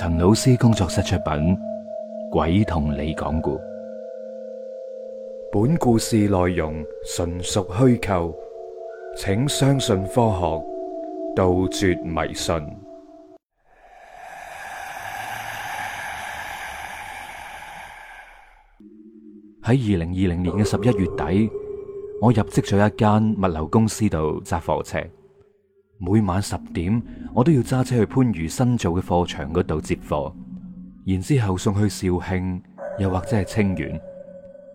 陳老師工作室出品《鬼同你講古》，本故事內容純屬虛構，請相信科學，杜絕迷信。喺二零二零年嘅十一月底，我入職咗一間物流公司度揸貨車。每晚十點，我都要揸車去番禺新造嘅貨場嗰度接貨，然之後送去肇慶，又或者係清遠，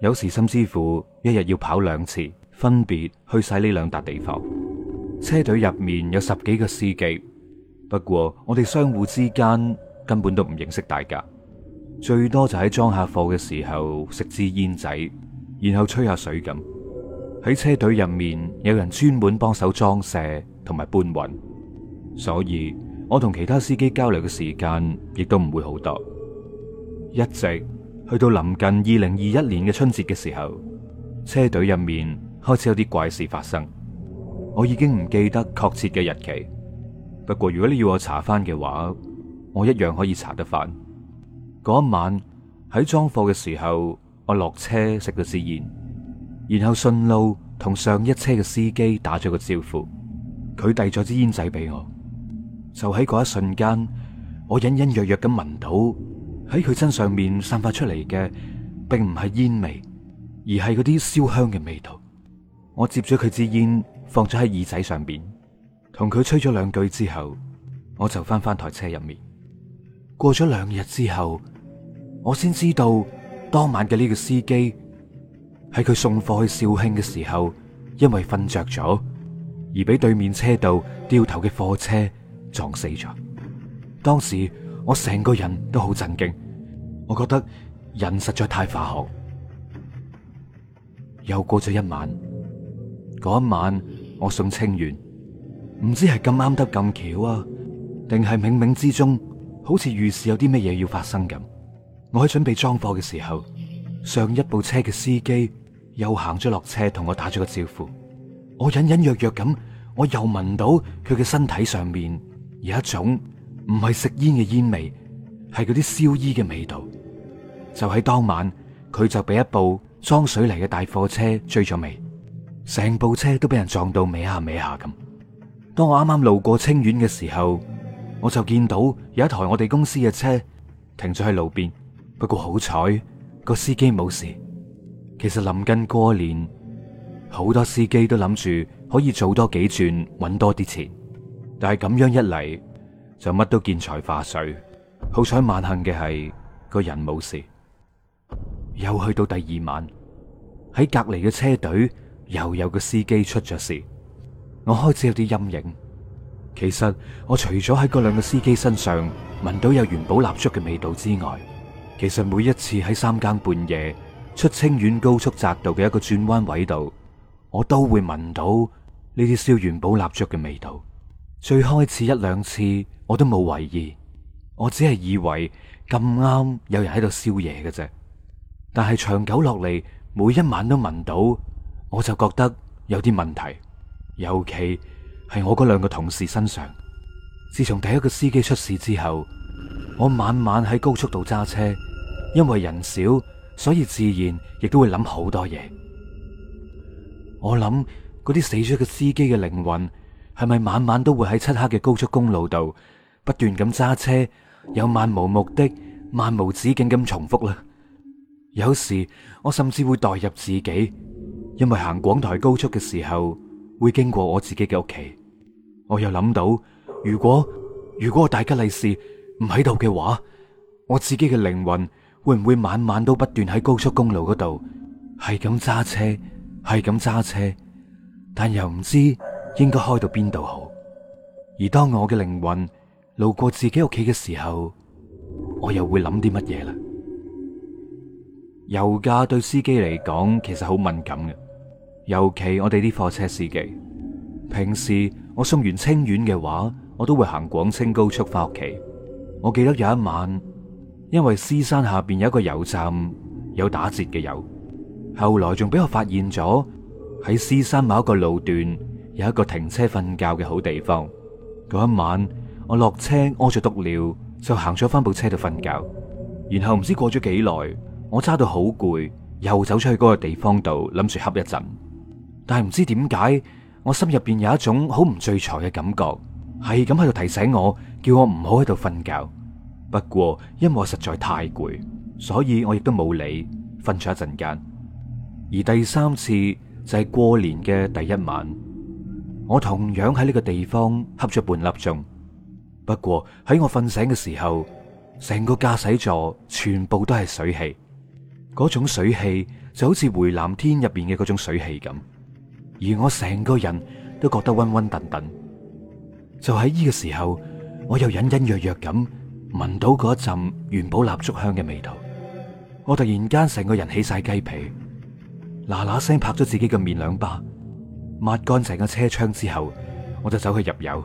有時甚至乎一日要跑兩次，分別去晒呢兩笪地方。車隊入面有十幾個司機，不過我哋相互之間根本都唔認識大家，最多就喺裝下貨嘅時候食支煙仔，然後吹下水咁。喺車隊入面，有人專門幫手裝卸同埋搬運，所以我同其他司機交流嘅時間亦都唔會好多。一直去到臨近二零二一年嘅春節嘅時候，車隊入面開始有啲怪事發生，我已經唔記得確切嘅日期。不過如果你要我查翻嘅話，我一樣可以查得翻。嗰晚喺裝貨嘅時候，我落車食咗支煙。然後順路同上一車嘅司機打咗個招呼，佢遞咗支煙仔俾我，就喺嗰一瞬間，我隱隱約約咁聞到喺佢身上面散發出嚟嘅，並唔係煙味，而係嗰啲燒香嘅味道。我接咗佢支煙，放咗喺耳仔上面，同佢吹咗兩句之後，我就翻翻台車入面。過咗兩日之後，我先知道當晚嘅呢個司機。喺佢送貨去肇慶嘅時候，因為瞓着咗，而俾對面車道掉頭嘅貨車撞死咗。當時我成個人都好震驚，我覺得人實在太化學。又過咗一晚，嗰一晚我送清遠，唔知係咁啱得咁巧啊，定係冥冥之中，好似預示有啲乜嘢要發生咁。我喺準備裝貨嘅時候，上一部車嘅司機。又行咗落車，同我打咗個招呼。我隱隱約約咁，我又聞到佢嘅身體上面有一種唔係食煙嘅煙味，係嗰啲燒衣嘅味道。就喺當晚，佢就俾一部裝水泥嘅大貨車追咗尾，成部車都俾人撞到尾下尾下咁。當我啱啱路過清遠嘅時候，我就見到有一台我哋公司嘅車停咗喺路邊，不過好彩個司機冇事。其實臨近過年，好多司機都諗住可以做多幾轉，搵多啲錢。但係咁樣一嚟，就乜都見財化水。好彩萬幸嘅係，個人冇事。又去到第二晚，喺隔籬嘅車隊又有個司機出咗事。我開始有啲陰影。其實我除咗喺嗰兩個司機身上聞到有元寶蠟燭嘅味道之外，其實每一次喺三更半夜。出清遠高速匝道嘅一個轉彎位度，我都會聞到呢啲燒元寶蠟燭嘅味道。最開始一兩次我都冇懷疑，我只係以為咁啱有人喺度燒嘢嘅啫。但係長久落嚟，每一晚都聞到，我就覺得有啲問題。尤其係我嗰兩個同事身上。自從第一個司機出事之後，我晚晚喺高速度揸車，因為人少。所以自然亦都會諗好多嘢。我諗嗰啲死咗嘅司機嘅靈魂係咪晚晚都會喺漆黑嘅高速公路度不斷咁揸車，又漫無目的、漫無止境咁重複呢？有時我甚至會代入自己，因為行廣台高速嘅時候會經過我自己嘅屋企。我又諗到，如果如果我大吉利是唔喺度嘅話，我自己嘅靈魂。會唔會晚晚都不斷喺高速公路嗰度，係咁揸車，係咁揸車，但又唔知應該開到邊度好？而當我嘅靈魂路過自己屋企嘅時候，我又會諗啲乜嘢啦？油價對司機嚟講其實好敏感嘅，尤其我哋啲貨車司機。平時我送完清遠嘅話，我都會行廣清高速翻屋企。我記得有一晚。因為獅山下邊有一個油站有打折嘅油，後來仲俾我發現咗喺獅山某一個路段有一個停車瞓覺嘅好地方。嗰一晚我落車屙咗篤尿，就行咗翻部車度瞓覺。然後唔知過咗幾耐，我揸到好攰，又走出去嗰個地方度諗住瞌一陣。但係唔知點解，我心入邊有一種好唔聚財嘅感覺，係咁喺度提醒我，叫我唔好喺度瞓覺。不過因為我實在太攰，所以我亦都冇理，瞓咗一陣間。而第三次就係過年嘅第一晚，我同樣喺呢個地方瞌咗半粒鐘。不過喺我瞓醒嘅時候，成個駕駛座全部都係水汽，嗰種水汽就好似回南天入邊嘅嗰種水汽咁。而我成個人都覺得暈暈沌沌。就喺呢個時候，我又隱隱約約咁，聞到嗰一陣元寶蠟燭香嘅味道，我突然間成個人起晒雞皮，嗱嗱聲拍咗自己嘅面兩巴，抹乾淨咗車窗之後，我就走去入油。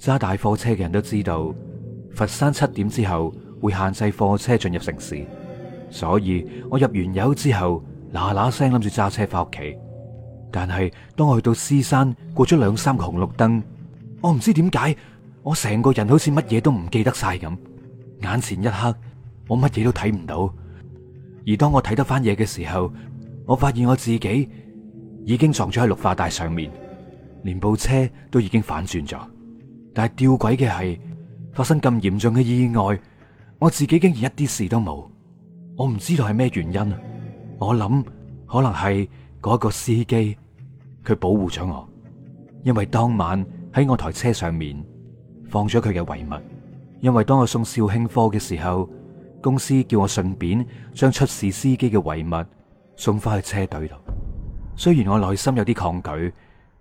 揸大貨車嘅人都知道，佛山七點之後會限制貨車進入城市，所以我入完油之後，嗱嗱聲諗住揸車翻屋企。但係當我去到獅山，過咗兩三個紅綠燈，我唔知點解。我成個人好似乜嘢都唔記得晒咁，眼前一刻我乜嘢都睇唔到，而當我睇得翻嘢嘅時候，我發現我自己已經撞咗喺綠化帶上面，連部車都已經反轉咗。但係吊詭嘅係，發生咁嚴重嘅意外，我自己竟然一啲事都冇。我唔知道係咩原因，我諗可能係嗰一個司機佢保護咗我，因為當晚喺我台車上面，放咗佢嘅遺物，因為當我送肇興科嘅時候，公司叫我順便將出事司機嘅遺物送翻去車隊度。雖然我內心有啲抗拒，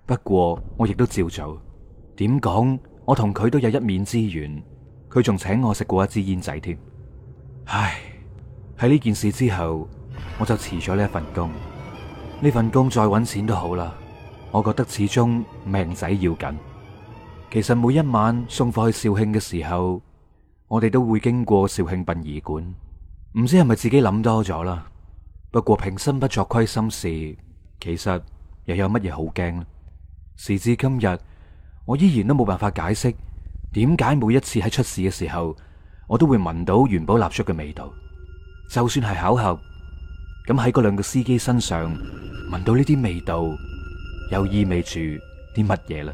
不過我亦都照做。點講，我同佢都有一面之緣，佢仲請我食過一支煙仔添。唉，喺呢件事之後，我就辭咗呢一份工。呢份工再搵錢都好啦，我覺得始終命仔要緊。其實每一晚送貨去肇慶嘅時候，我哋都會經過肇慶殯儀館。唔知係咪自己諗多咗啦？不過平生不作虧心事，其實又有乜嘢好驚呢？時至今日，我依然都冇辦法解釋，點解每一次喺出事嘅時候，我都會聞到元寶蠟燭嘅味道。就算係巧合，咁喺嗰兩個司機身上聞到呢啲味道，又意味住啲乜嘢呢？